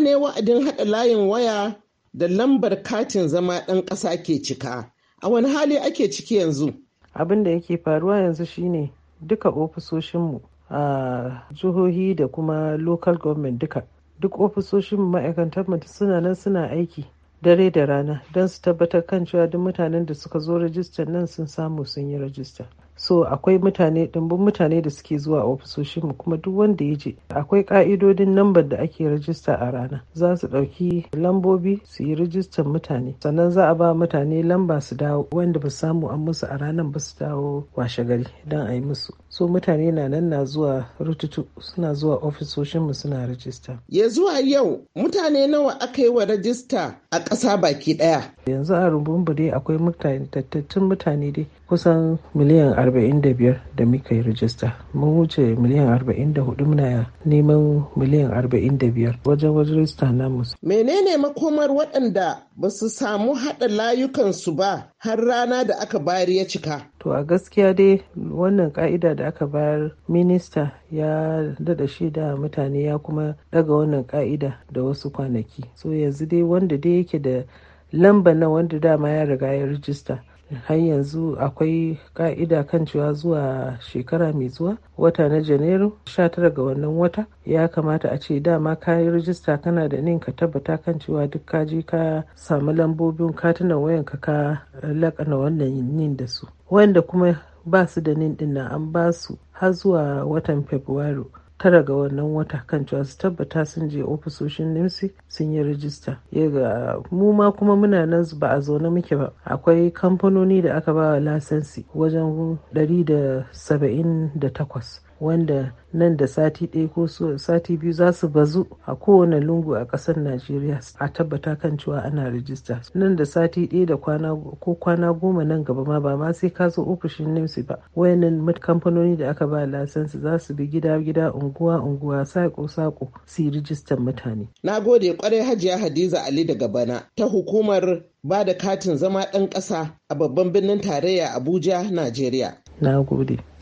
nawa ne wa'adin haɗa layin waya da lambar katin zama ɗan ƙasa ke cika a wani hali ake ciki yanzu abin da yake faruwa yanzu shine duka ofisoshinmu a jihohi da kuma local government duka duk ofisoshin ma'aikatan suna nan suna aiki dare da rana don su tabbatar kan cewa duk mutanen da suka zo rajistar nan sun samu sun yi rajista so akwai mutane ɗimbin mutane da suke zuwa ofisoshin mu kuma duk wanda ya je akwai ƙa'idodin lambar da ake rajista a rana za su ɗauki lambobi su yi rajistar mutane sannan za a ba mutane lamba su dawo wanda ba samu an musu a ranar ba su dawo washe gari don a yi musu so mutane na nan na zuwa rututu suna zuwa ofisoshin mu suna rajista ya zuwa yau mutane nawa aka yi wa rajista a ƙasa baki ɗaya. yanzu a rumbun rumbumbure akwai tattattun mutane dai kusan miliyan arba'in da biyar muka yi rajista mun wuce miliyan arba'in da 44 muna neman miliyan arba'in 45 wajen wajen rajista namu menene makomar waɗanda ba su samu haɗa layukansu ba har rana da aka bayar ya cika. To a gaskiya dai wannan ka'ida da aka bayar minista ya daɗa shi da mutane ya kuma ɗaga wannan ka'ida da wasu kwanaki. So yanzu dai wanda dai yake da lamba na wanda dama ya riga ya rijista. har yanzu akwai ka'ida kan cewa zuwa shekara mai zuwa wata na janairu 19 ga wannan wata ya kamata a ce dama ka yi rijista kana da nin ka tabbata kan cewa duk ka je ka samu lambobin katunan wayan ka lakana wannan nin da su wanda kuma ba su da nin din an ba su har zuwa watan fabrairu tara ga wannan wata kan cewa su tabbata sun je ofisoshin nimsi sun yi rijista ga mu ma kuma muna nan ba a zaune muke ba akwai kamfanoni da aka ba wa lasansi wajen 178 wanda nan da sati ɗaya ko sati biyu za su bazu a kowane lungu a ƙasar najeriya a tabbata kan cewa ana rijista nan da sati ɗaya da kwana ko kwana goma nan gaba ma ba ma sai ka zo ofishin nimsi ba wayannan kamfanoni da aka ba lasansu za su bi gida gida unguwa unguwa saƙo-saƙo, su yi rijistar mutane na gode kwarai hajiya hadiza ali daga bana ta hukumar ba da katin zama ɗan ƙasa a babban birnin tarayya abuja najeriya na gode